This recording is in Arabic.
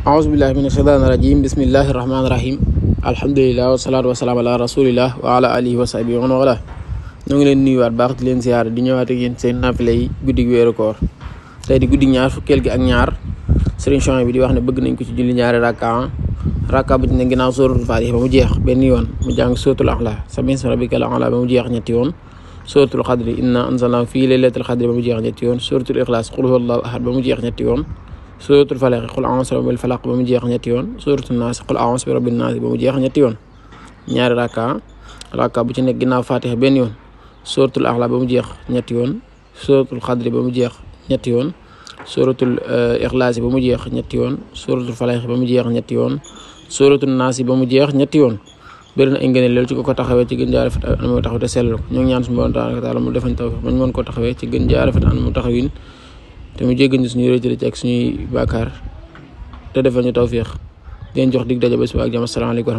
أعوذ بالله من الشيطان الرجيم بسم الله الرحمن الرحيم الحمد لله والصلاة والسلام على رسول الله وعلى آله وصحبه ومن والاه نغي لين نيو وات باخ دي زيار دي نيواتي ген سين نافلي غودي وير كور تاي دي غودي ñaar فكيل غي اك ñaar سيرين شان بي دي واخ ني بëgg نين كو سي جولي ñaari راكا راكا بو ني غيناو سورة الفاتحة بامو جيخ بن يون مو جانغ سورة الأخلاء سبحان ربك العلى بامو جيخ نيت يون سورة القدر إنا أنزلنا في ليلة القدر بامو جيخ نيت سورة الإخلاص قل هو الله أحد بامو جيخ نيت سورة الفلاق قل أعوذ برب الفلاق بما جيخ نياتي سورة الناس قل أعوذ برب الناس بما جيخ نياتي يون راكا راكا بو تي نيك غيناو سورة الاخلاق بما جيخ نياتي سورة القدر بما جيخ نياتي سورة الاخلاص بما جيخ نياتي سورة الفلاق بما جيخ نياتي سورة الناس بما جيخ نياتي يون برنا انغي نيل تي كوكو تاخاوي تي گنجار فتا انمو تاخاوي تي سيلو نيو نيان سمبون تا تعالى مو ديفن توفيق مون كو تاخاوي te mu jéggal ñu suñuy rëcc-rëcc ak suñu baakaar te defal ñu taw di leen jox dig daje bés ba ak jàmm asalaamaaleykum